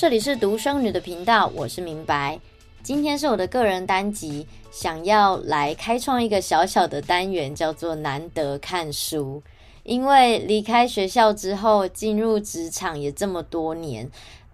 這裡是獨生女的頻道，我是明白。今天是我的個人單集，想要來開創一個小小的單元，叫做難得看書。因為離開學校之後，進入職場也這麼多年，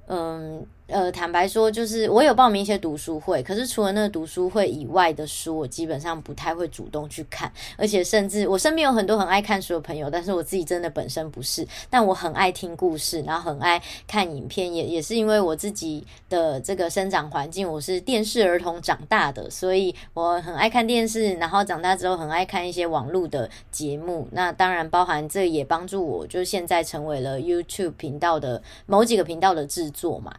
嗯。呃，坦白說，就是我有報名一些讀書會，可是除了那個讀書會以外的書，我基本上不太會主動去看。而且，甚至我身邊有很多很愛看書的朋友，但是我自己真的本身不是。但我很愛聽故事，然後很愛看影片，也也是因為我自己的這個生長環境，我是電視兒童長大的，所以我很愛看電視。然後長大之後，很愛看一些網絡的節目。那當然，包含這也幫助我，就現在成為了 YouTube 頻道的某幾個頻道的制作嘛。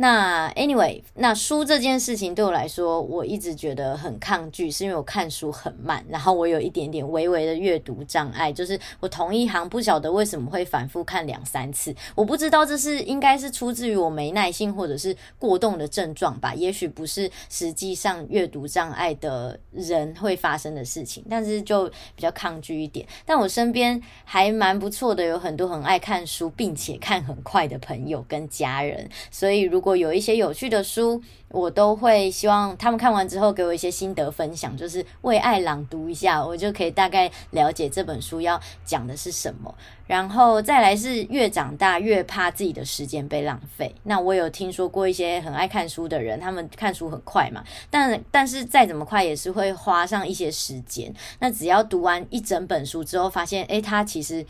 那 anyway，那書這件事情對我來說，我一直覺得很抗拒，是因為我看書很慢，然後我有一點點微微的閱讀障礙，就是我同一行不曉得為什麼會反覆看兩三次，我不知道這是應該是出自於我沒耐性或者是過動的症狀吧，也許不是實際上閱讀障礙的人會發生的事情，但是就比較抗拒一點。但我身邊還蠻不錯的，有很多很愛看書並且看很快的朋友跟家人，所以如果有一些有趣的書，我都會希望他們看完之後給我一些心得分享，就是為愛朗讀一下，我就可以大概了解這本書要講的是什麼。然後再來是越長大越怕自己的時間被浪費。那我有聽說過一些很愛看書的人，他們看書很快嘛，但但是再怎麼快也是會花上一些時間。那只要讀完一整本書之後，發現誒、欸，他其實。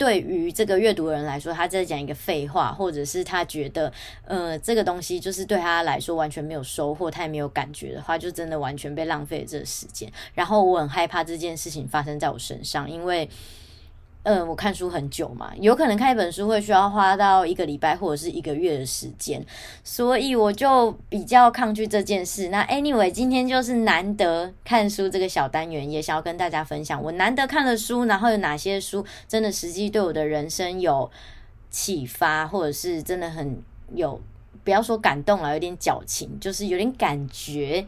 對於這個閱讀人來說，他在講一個廢話，或者是他覺得，呃，這個東西就是對他來說完全沒有收穫，他也沒有感覺的話，就真的完全被浪費了這個時間。然後我很害怕這件事情發生在我身上，因為。嗯、呃，我看書很久嘛，有可能看一本書會需要花到一個禮拜或者是一個月的時間，所以我就比較抗拒這件事。那 Anyway，今天就是難得看書這個小單元，也想要跟大家分享我難得看的書，然後有哪些書真的實際對我的人生有啟發，或者是真的很有，不要說感動了，有點矯情，就是有點感覺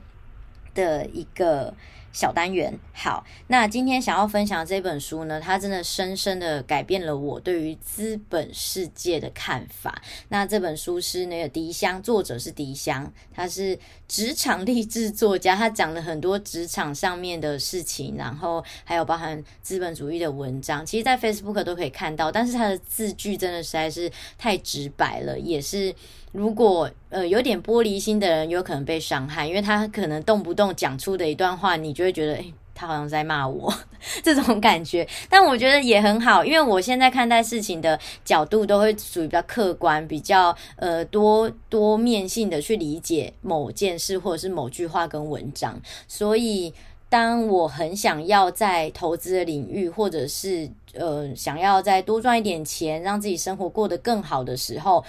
的一個。小單元。好，那今天想要分享的這本書呢，它真的深深的改變了我對於資本世界的看法。那這本書是那個狄驤，作者是狄驤，他是職場勵志作家，他講了很多職場上面的事情，然後還有包含資本主義的文章，其實，在 Facebook 都可以看到，但是他的字句真的實在是太直白了，也是。如果呃，有點玻璃心的人有可能被傷害，因為他可能動不動講出的一段話，你就會覺得，誒、欸，他好像在罵我，呵呵，這種感覺。但我覺得也很好，因為我現在看待事情的角度都會屬於比較客觀、比較呃，多多面性的去理解某件事或者是某句話跟文章。所以，當我很想要在投資的領域，或者是呃，想要再多賺一點錢，讓自己生活過得更好的時候。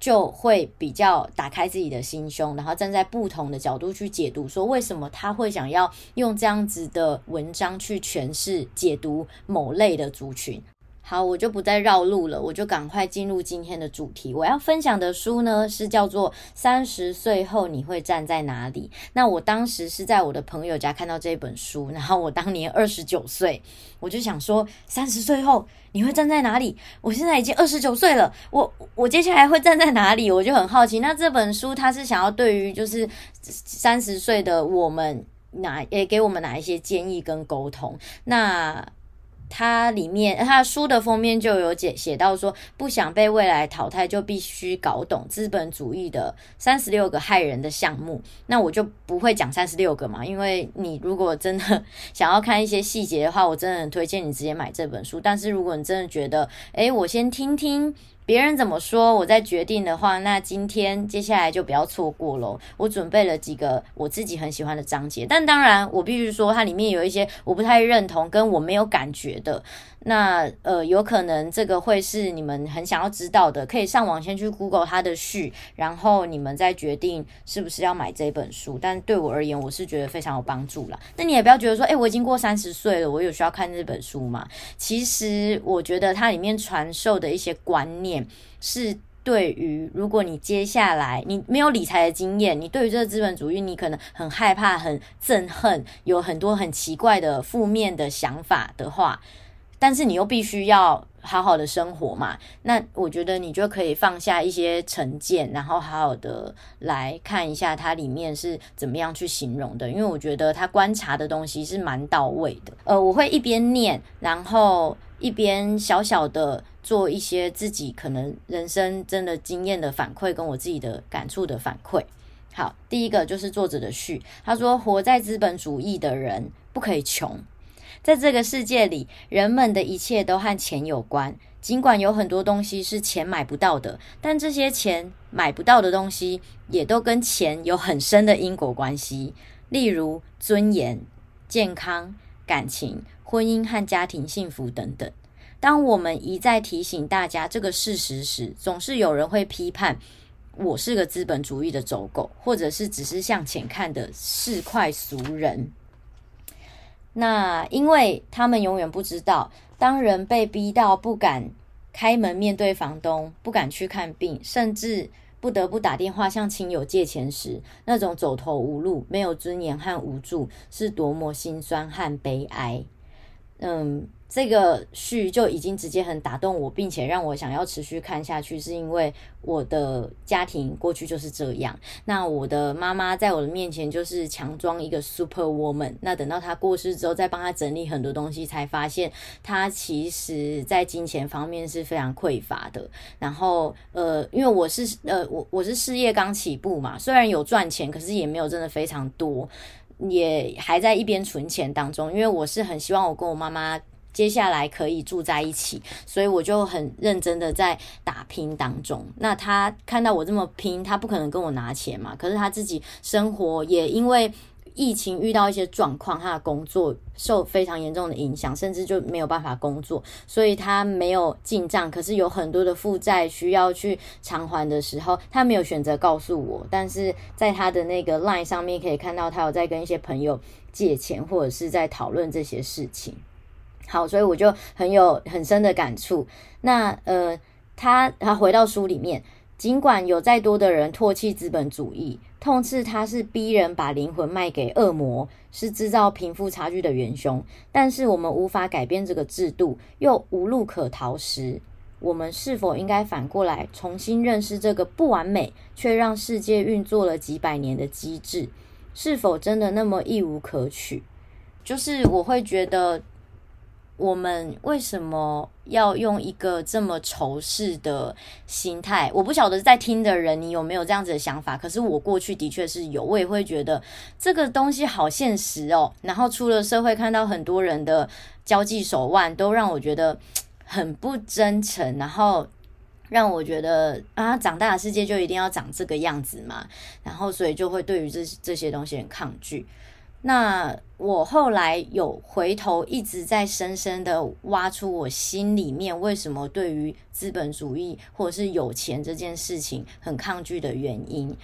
就會比較打開自己的心胸，然後站在不同的角度去解讀，說為什麼他會想要用這樣子的文章去詮釋、解讀某類的族群。好，我就不再繞路了，我就趕快進入今天的主題。我要分享的書呢，是叫做《三十歲後你會站在哪裡》。那我當時是在我的朋友家看到這本書，然後我當年二十九歲，我就想說，三十歲後你會站在哪裡？我現在已經二十九歲了，我我接下來會站在哪裡？我就很好奇。那這本書，它是想要對於就是三十歲的我們，哪也給我們哪一些建議跟溝通？那它裡面，它的書的封面就有寫寫到說，不想被未來淘汰，就必須搞懂資本主義的三十六個駭人的項目。那我就不會講三十六個嘛，因為你如果真的想要看一些細節的話，我真的很推薦你直接買這本書。但是如果你真的覺得，哎，欸，我先聽聽。別人怎麼說，我再決定的話，那今天接下來就不要錯過嘍。我準備了幾個我自己很喜歡的章節，但當然我必須說，它裡面有一些我不太認同、跟我沒有感覺的。那呃，有可能這個會是你們很想要知道的，可以上網先去 Google 它的序，然後你們再決定是不是要買這本書。但對我而言，我是覺得非常有幫助啦。那你也不要覺得說，哎，我已經過三十歲了，我有需要看這本書嗎？其實我覺得它裡面傳授的一些觀念。是對於如果你接下來你沒有理財的經驗，你對於這個資本主義你可能很害怕、很憎恨，有很多很奇怪的負面的想法的話，但是你又必須要好好的生活嘛，那我覺得你就可以放下一些成見，然後好好的來看一下它裡面是怎麼樣去形容的。因為我覺得他觀察的東西是蠻到位的。呃，我會一邊念，然後一邊小小的。做一些自己可能人生真的經驗的反饋，跟我自己的感觸的反饋。好，第一個就是作者的序，他說：“活在資本主義的人不可以窮，在這個世界裡，人們的一切都和錢有關。儘管有很多東西是錢買不到的，但這些錢買不到的東西也都跟錢有很深的因果關係，例如尊嚴、健康、感情、婚姻和家庭幸福等等。”當我們一再提醒大家這個事實時，總是有人會批判我是個資本主義的走狗，或者是只是向前看的市儈俗人。那因為他們永遠不知道，當人被逼到不敢開門面對房東，不敢去看病，甚至不得不打電話向親友借錢時，那種走投無路、沒有尊嚴和無助，是多麼心酸和悲哀。嗯。這個序就已經直接很打動我，並且讓我想要持續看下去，是因為我的家庭過去就是這樣。那我的媽媽在我的面前就是強裝一個 super woman。那等到她過世之後，再幫她整理很多東西，才發現她其實，在金錢方面是非常匱乏的。然後，呃，因為我是呃，我我是事業剛起步嘛，雖然有賺錢，可是也沒有真的非常多，也還在一邊存錢當中。因為我是很希望我跟我媽媽。接下來可以住在一起，所以我就很認真的在打拼當中。那他看到我這麼拼，他不可能跟我拿錢嘛。可是他自己生活也因為疫情遇到一些狀況，他的工作受非常嚴重的影響，甚至就沒有辦法工作，所以他沒有進賬。可是有很多的負債需要去償還的時候，他沒有選擇告訴我。但是在他的那個 line 上面可以看到，他有在跟一些朋友借錢，或者是在討論這些事情。好，所以我就很有很深的感觸。那呃，他他回到書裡面，儘管有再多的人唾棄資本主義，痛斥他是逼人把靈魂賣給惡魔，是制造貧富差距的元兇，但是我們無法改變這個制度，又無路可逃時，我們是否應該反過來重新認識這個不完美卻讓世界運作了幾百年的機制？是否真的那麼一無可取？就是我會覺得。我們為什麼要用一個這麼仇視的心態？我不曉得在聽的人你有沒有這樣子的想法，可是我過去的確是有，我也會覺得這個東西好現實哦。然後出了社會，看到很多人的交際手腕，都讓我覺得很不真誠，然後讓我覺得啊，長大的世界就一定要長這個樣子嘛，然後所以就會對於這這些東西很抗拒。那我後來有回頭一直在深深的挖出我心裡面為什麼對於資本主義或者是有錢這件事情很抗拒的原因，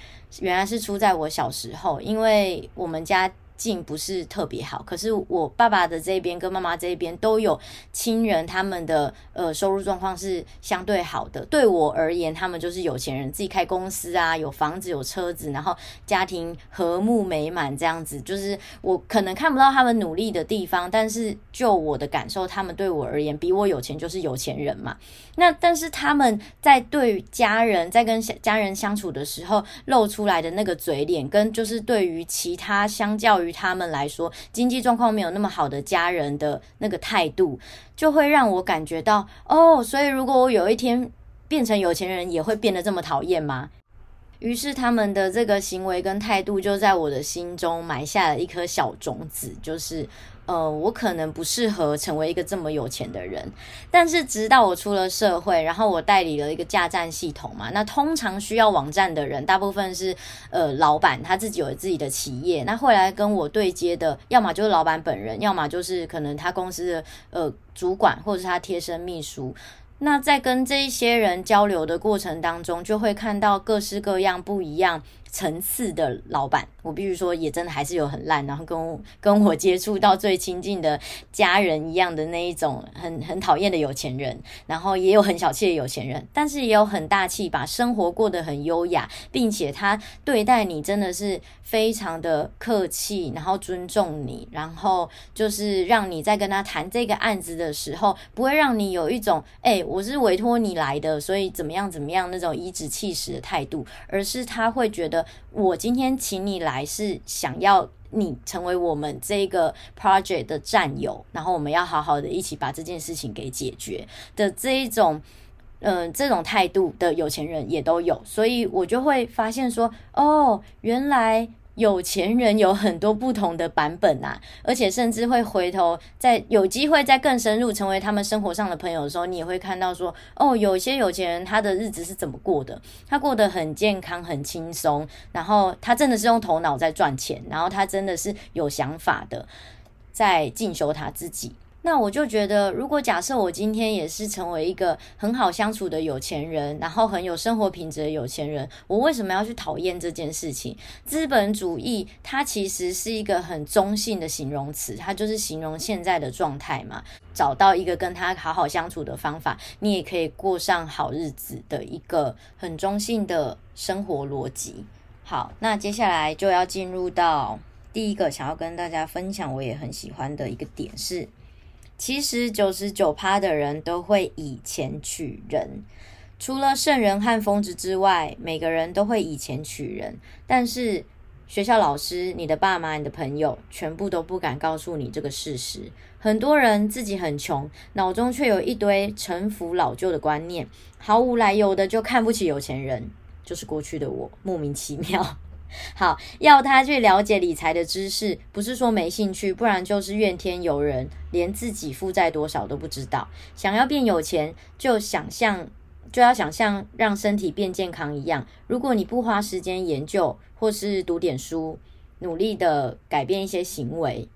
原來是出在我小時候，因為我們家。境不是特別好，可是我爸爸的這邊跟媽媽這邊都有親人，他們的呃收入狀況是相對好的。對我而言，他們就是有錢人，自己開公司啊，有房子有車子，然後家庭和睦美滿這樣子。就是我可能看不到他們努力的地方，但是就我的感受，他們對我而言比我有錢就是有錢人嘛。那但是他們在對家人在跟家人相處的時候露出來的那個嘴臉，跟就是對於其他相較於。於他們來說，經濟狀況沒有那麼好的家人的那個態度，就會讓我感覺到哦，所以如果我有一天變成有錢人，也會變得這麼討厭嗎？於是他們的這個行為跟態度就在我的心中埋下了一顆小種子，就是呃，我可能不適合成為一個這麼有錢的人。但是直到我出了社會，然後我代理了一個架站系統嘛，那通常需要網站的人，大部分是呃老闆他自己有自己的企業。那會來跟我對接的，要麼就是老闆本人，要麼就是可能他公司的呃主管，或者是他貼身秘書。那在跟這些人交流的過程當中，就會看到各式各樣不一樣層次的老闆，我必須說也真的還是有很爛，然後跟我跟我接觸到最親近的家人一樣的那一種很很討厭的有錢人，然後也有很小氣的有錢人，但是也有很大氣把，把生活過得很優雅，並且他對待你真的是非常的客氣，然後尊重你，然後就是讓你在跟他談這個案子的時候，不會讓你有一種誒、欸，我是委托你來的，所以怎麼樣怎麼樣那種頤指氣使的態度，而是他會覺得。我今天請你來，是想要你成為我們這個 project 的戰友，然後我們要好好的一起把這件事情給解決的這一種，嗯、呃，這種態度的有錢人也都有，所以我就會發現說，哦，原來。有錢人有很多不同的版本吶、啊，而且甚至會回頭在有機會再更深入成為他們生活上的朋友的時候，你也會看到說，哦，有些有錢人他的日子是怎麼過的？他過得很健康、很輕鬆，然後他真的是用頭腦在賺錢，然後他真的是有想法的，在進修他自己。那我就覺得，如果假設我今天也是成為一個很好相處的有錢人，然後很有生活品質的有錢人，我為什麼要去討厭這件事情？資本主義它其實是一個很中性的形容詞，它就是形容現在的狀態嘛。找到一個跟他好好相處的方法，你也可以過上好日子的一個很中性的生活邏輯。好，那接下來就要進入到第一個想要跟大家分享，我也很喜歡的一個點是。其實九十九趴的人都會以錢取人，除了聖人和瘋子之外，每個人都會以錢取人。但是學校老師、你的爸媽、你的朋友，全部都不敢告訴你這個事實。很多人自己很窮，腦中卻有一堆陳腐老舊的觀念，毫無來由的就看不起有錢人，就是過去的我，莫名其妙。好，要他去了解理財的知識，不是說沒興趣，不然就是怨天尤人，連自己負債多少都不知道。想要變有錢，就想象，就要想象讓身體變健康一樣。如果你不花時間研究，或是讀點書，努力的改變一些行為，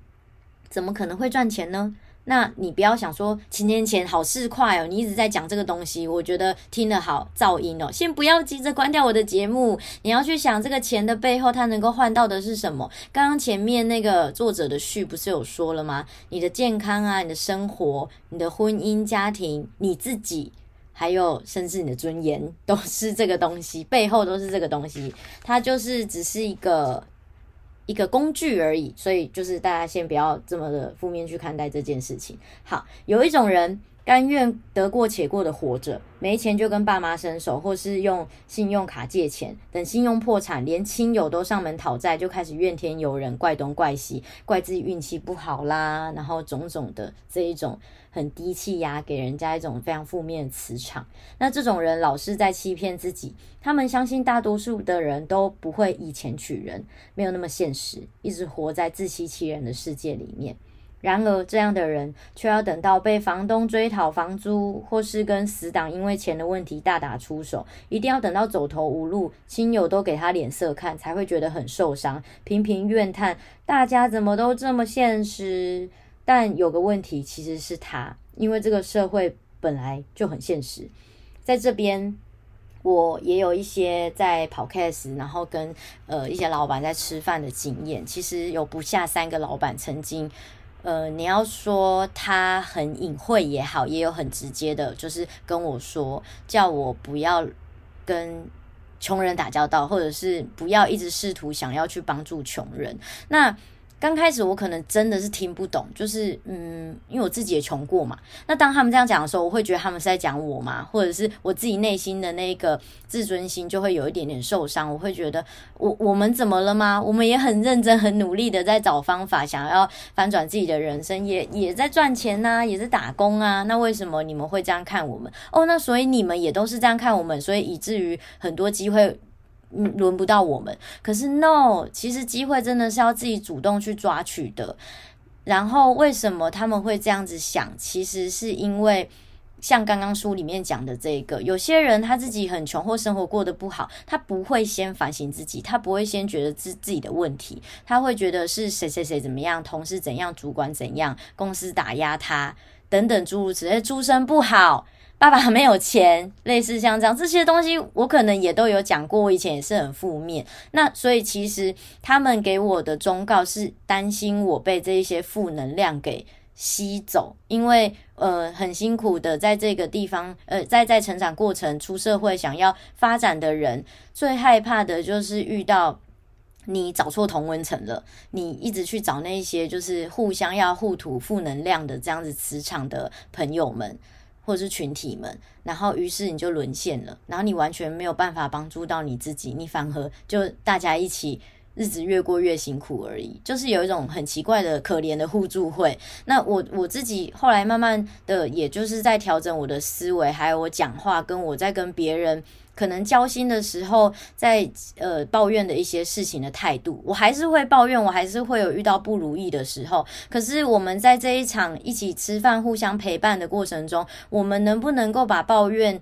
怎麼可能會賺錢呢？那你不要想說，七年前好事快哦，你一直在講這個東西，我覺得聽得好噪音哦。先不要急着關掉我的節目，你要去想這個錢的背後，它能夠換到的是什麼？剛剛前面那個作者的序不是有說了嗎？你的健康啊，你的生活，你的婚姻家庭，你自己，還有甚至你的尊嚴，都是這個東西，背後都是這個東西，它就是只是一個。一個工具而已，所以就是大家先不要這麼的負面去看待這件事情。好，有一種人，甘願得過且過的活着，沒錢就跟爸媽伸手，或是用信用卡借錢，等信用破產，連親友都上門討債，就開始怨天尤人，怪東怪西，怪自己運氣不好啦，然後種種的這一種很低氣壓，給人家一種非常負面的磁場。那這種人老是在欺騙自己，他們相信大多數的人都不會以錢取人，沒有那麼現實，一直活在自欺欺人的世界裡面。然而，這樣的人卻要等到被房東追討房租，或是跟死黨因為錢的問題大打出手，一定要等到走投無路，親友都給他臉色看，才會覺得很受傷，頻頻怨嘆，大家怎麼都這麼現實？但有個問題，其實是他，因為這個社會本來就很現實。在這邊，我也有一些在跑 case，然後跟呃一些老板在吃飯的經驗，其實有不下三個老板曾經。呃，你要說他很隱晦也好，也有很直接的，就是跟我說，叫我不要跟窮人打交道，或者是不要一直試圖想要去幫助窮人。那剛開始我可能真的是聽不懂，就是嗯，因為我自己也窮過嘛。那當他們這樣講的時候，我會覺得他們是在講我嘛，或者是我自己內心的那個自尊心就會有一點點受傷。我會覺得，我我們怎麼了嗎？我們也很認真、很努力的在找方法，想要翻轉自己的人生，也也在賺錢吶、啊，也是打工啊。那為什麼你們會這樣看我們？哦，那所以你們也都是這樣看我們，所以以至於很多機會。嗯，輪不到我們。可是，no，其實機會真的是要自己主動去抓取的。然後，為什麼他們會這樣子想？其實是因為，像剛剛書裡面講的這個，有些人他自己很窮或生活過得不好，他不會先反省自己，他不會先覺得自自己的問題，他會覺得是誰誰誰怎麼樣，同事怎樣，主管怎樣，公司打壓他等等諸如此類，出身不好。爸爸沒有錢，類似像這樣這些東西，我可能也都有講過。我以前也是很負面，那所以其實他們給我的忠告是擔心我被這些負能量給吸走，因為呃很辛苦的在這個地方，呃在在成長過程出社會想要發展的人，最害怕的就是遇到你找錯同溫層了，你一直去找那些就是互相要互吐負能量的這樣子磁場的朋友們。或者是群體們，然後於是你就淪陷了，然後你完全沒有辦法幫助到你自己，你反而就大家一起。日子越過越辛苦而已，就是有一種很奇怪的可憐的互助會。那我我自己後來慢慢的，也就是在調整我的思維，還有我講話，跟我在跟別人可能交心的時候在，在呃抱怨的一些事情的態度，我還是會抱怨，我還是會有遇到不如意的時候。可是我們在這一場一起吃飯、互相陪伴的過程中，我們能不能夠把抱怨？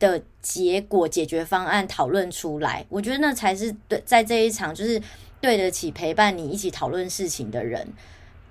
的結果解決方案討論出來，我覺得那才是對，在這一場就是對得起陪伴你一起討論事情的人。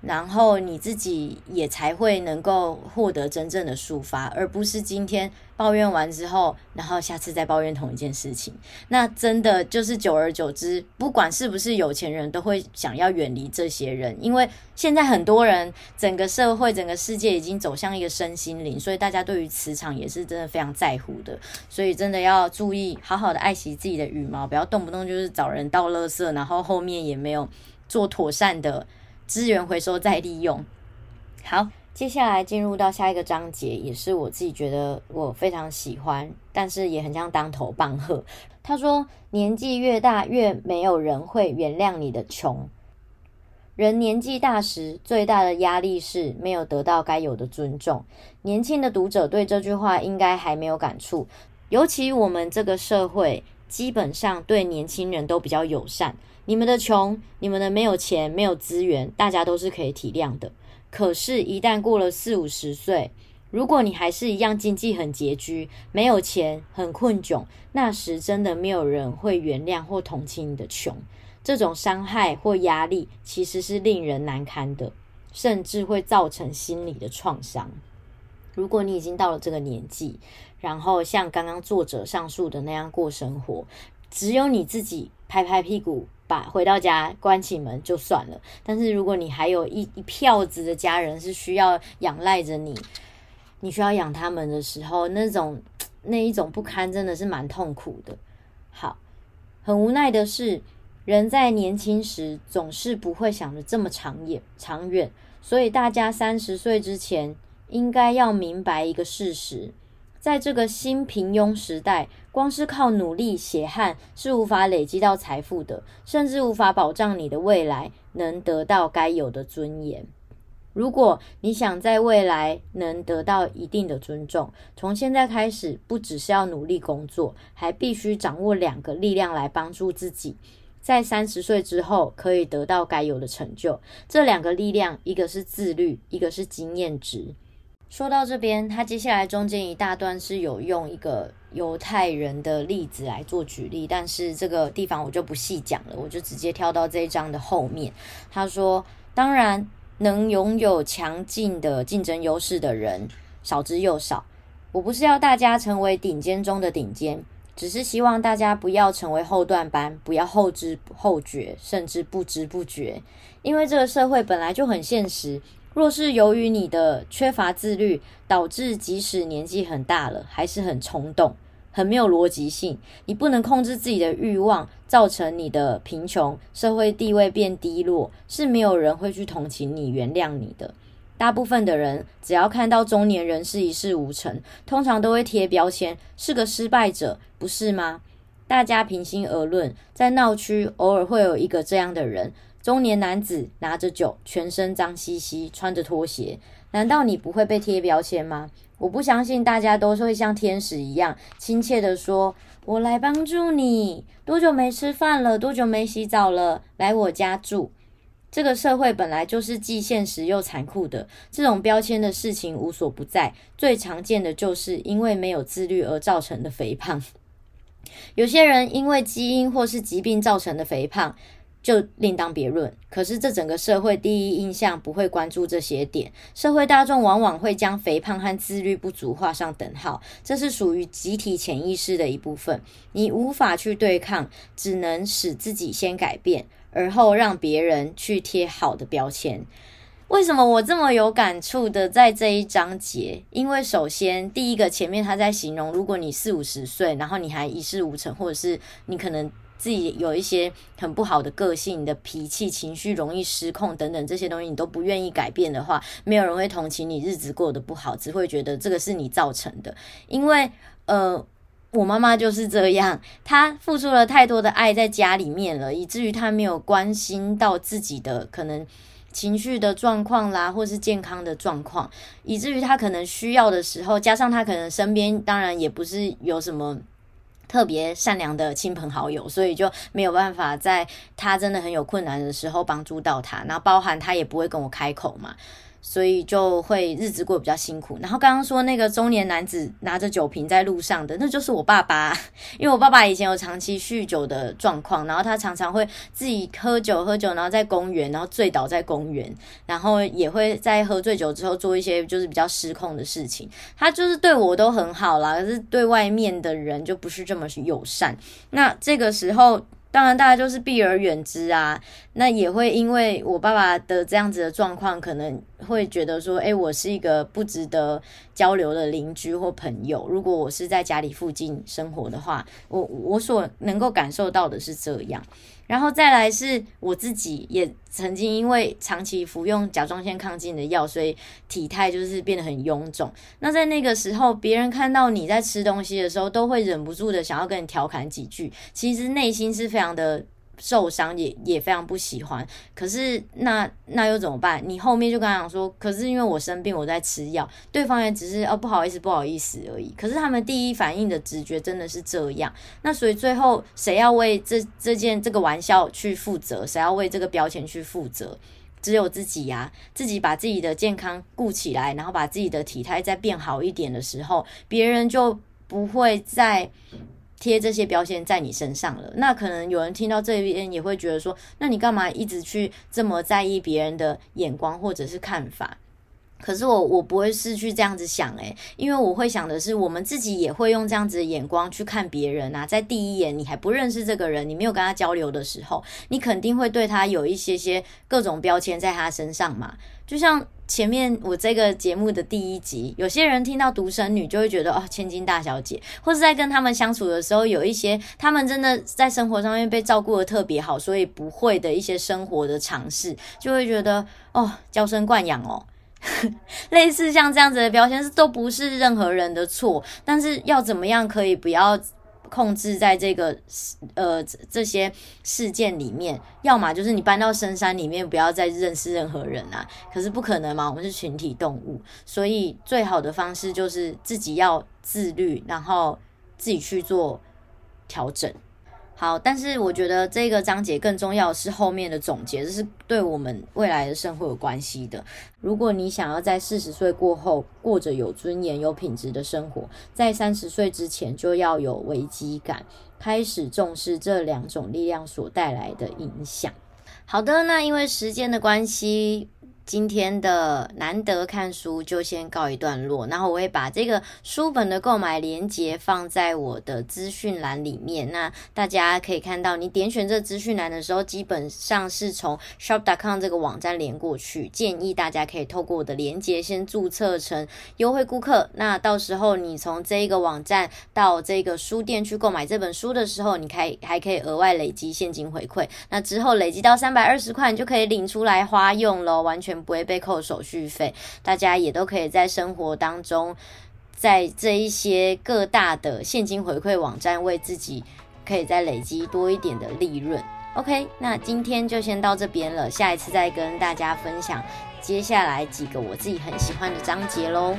然後你自己也才會能夠獲得真正的抒發，而不是今天抱怨完之後，然後下次再抱怨同一件事情。那真的就是久而久之，不管是不是有錢人，都會想要遠離這些人，因為現在很多人，整個社會、整個世界已經走向一個身心靈，所以大家對於磁場也是真的非常在乎的。所以真的要注意，好好的愛惜自己的羽毛，不要動不動就是找人倒垃圾，然後後面也沒有做妥善的。資源回收再利用。好，接下來進入到下一個章節，也是我自己覺得我非常喜歡，但是也很像當頭棒喝。他說：“年紀越大，越沒有人會原諒你的窮。人年紀大時，最大的壓力是沒有得到該有的尊重。年輕的讀者對這句話應該還沒有感觸，尤其我們這個社會。”基本上對年輕人都比較友善。你們的窮，你們的沒有錢、沒有資源，大家都是可以體諒的。可是，一旦過了四五十歲，如果你還是一樣經濟很拮据、沒有錢、很困窘，那時真的沒有人會原諒或同情你的窮。這種傷害或壓力其實是令人難堪的，甚至會造成心理的創傷。如果你已經到了這個年紀，然後像剛剛作者上述的那樣過生活，只有你自己拍拍屁股把回到家關起門就算了。但是如果你還有一一票子的家人是需要仰賴着你，你需要養他們的時候，那種那一種不堪真的是蠻痛苦的。好，很無奈的是，人在年輕時總是不會想得這麼長遠長遠。所以大家三十歲之前應該要明白一個事實。在這個新平庸時代，光是靠努力血汗是無法累積到財富的，甚至無法保障你的未來能得到該有的尊嚴。如果你想在未來能得到一定的尊重，從現在開始，不只是要努力工作，還必須掌握兩個力量來幫助自己，在三十歲之後可以得到該有的成就。這兩個力量，一個是自律，一個是經驗值。說到這邊，他接下來中間一大段是有用一個猶太人的例子來做舉例，但是這個地方我就不細講了，我就直接跳到這一章的後面。他說：“當然，能擁有強勁的競爭優勢的人少之又少。我不是要大家成為頂尖中的頂尖，只是希望大家不要成為後段班，不要後知後覺，甚至不知不覺，因為這個社會本來就很現實。”若是由於你的缺乏自律，導致即使年紀很大了，還是很衝動、很沒有邏輯性，你不能控制自己的慾望，造成你的貧窮、社會地位變低落，是沒有人會去同情你、原諒你的。大部分的人只要看到中年人是一事無成，通常都會貼標籤，是個失敗者，不是嗎？大家平心而論，在鬧區偶爾會有一個這樣的人，中年男子拿着酒，全身髒兮兮，穿着拖鞋。難道你不會被貼標籤嗎？我不相信大家都會像天使一樣親切的說：“我來幫助你，多久沒吃飯了？多久沒洗澡了？來我家住。”這個社會本來就是既現實又殘酷的，這種標籤的事情無所不在。最常見的就是因為沒有自律而造成的肥胖。有些人因為基因或是疾病造成的肥胖，就另當別論。可是這整個社會第一印象不會關注這些點，社會大眾往往會將肥胖和自律不足畫上等號，這是屬於集體潛意識的一部分。你無法去對抗，只能使自己先改變，而後讓別人去貼好的標籤。為什麼我這麼有感觸的在這一章節？因為首先，第一個前面他在形容，如果你四五十歲，然後你還一事無成，或者是你可能自己有一些很不好的個性，你的脾氣、情緒容易失控等等這些東西，你都不願意改變的話，沒有人會同情你，日子過得不好，只會覺得這個是你造成的。因為呃，我媽媽就是這樣，她付出了太多的愛在家裡面了，以至於她沒有關心到自己的可能，情緒的狀況啦，或是健康的狀況，以至於他可能需要的時候，加上他可能身邊當然也不是有什麼特別善良的親朋好友，所以就沒有辦法在他真的很有困難的時候幫助到他。然後包含他也不會跟我開口嘛。所以就會日子過得比較辛苦。然後剛剛說那個中年男子拿着酒瓶在路上的，那就是我爸爸。因為我爸爸以前有長期酗酒的狀況，然後他常常會自己喝酒喝酒，然後在公園，然後醉倒在公園，然後也會在喝醉酒之後做一些就是比較失控的事情。他就是對我都很好啦，可是對外面的人就不是這麼友善。那這個時候。當然，大家就是避而遠之啊。那也會因為我爸爸的這樣子的狀況，可能會覺得說，哎、欸，我是一個不值得交流的鄰居或朋友。如果我是在家裡附近生活的話，我我所能夠感受到的是這樣。然後再來是我自己也曾經因為長期服用甲狀腺亢進的藥，所以體態就是變得很臃腫。那在那個時候，別人看到你在吃東西的時候，都會忍不住的想要跟你調侃幾句。其實內心是非常的。受傷也也非常不喜歡，可是那那又怎麼辦？你後面就跟他講說，可是因為我生病，我在吃藥，對方也只是哦不好意思，不好意思而已。可是他們第一反應的直覺真的是這樣，那所以最後誰要為這這件這個玩笑去負責？誰要為這個標籤去負責？只有自己呀、啊，自己把自己的健康顧起來，然後把自己的體態再變好一點的時候，別人就不會再。貼這些標籤在你身上了，那可能有人聽到這邊也會覺得說，那你幹嘛一直去這麼在意別人的眼光或者是看法？可是我我不會是去這樣子想誒、欸，因為我會想的是，我們自己也會用這樣子的眼光去看別人啊。在第一眼你還不認識這個人，你沒有跟他交流的時候，你肯定會對他有一些些各種標籤在他身上嘛，就像，前面我這個節目的第一集，有些人聽到獨生女就會覺得哦，千金大小姐，或是在跟他們相處的時候，有一些他們真的在生活上面被照顧得特別好，所以不會的一些生活的嘗試，就會覺得哦，嬌生慣養哦， 類似像這樣子的標籤是都不是任何人的錯，但是要怎麼樣可以不要？控制在這個呃這些事件裡面，要麼就是你搬到深山裡面，不要再認識任何人啊！可是不可能嘛，我們是群體動物，所以最好的方式就是自己要自律，然後自己去做調整。好，但是我覺得這個章節更重要的是後面的總結，這是對我們未來的生活有關係的。如果你想要在四十歲過後過着有尊嚴、有品質的生活，在三十歲之前就要有危機感，開始重視這兩種力量所帶來的影響。好的，那因為時間的關係。今天的難得看書就先告一段落，然後我會把這個書本的購買鏈接放在我的資訊欄裡面，那大家可以看到，你點選這資訊欄的時候，基本上是從 shop.com 這個網站連過去，建議大家可以透過我的連接先註冊成優惠顧客，那到時候你從這一個網站到這個書店去購買這本書的時候，你可以還可以額外累積現金回饋，那之後累積到三百二十塊，你就可以領出來花用咯，完全。不會被扣手續費，大家也都可以在生活當中，在這一些各大的現金回饋網站為自己可以再累積多一點的利潤。OK，那今天就先到這邊了，下一次再跟大家分享接下來幾個我自己很喜歡的章節嘍。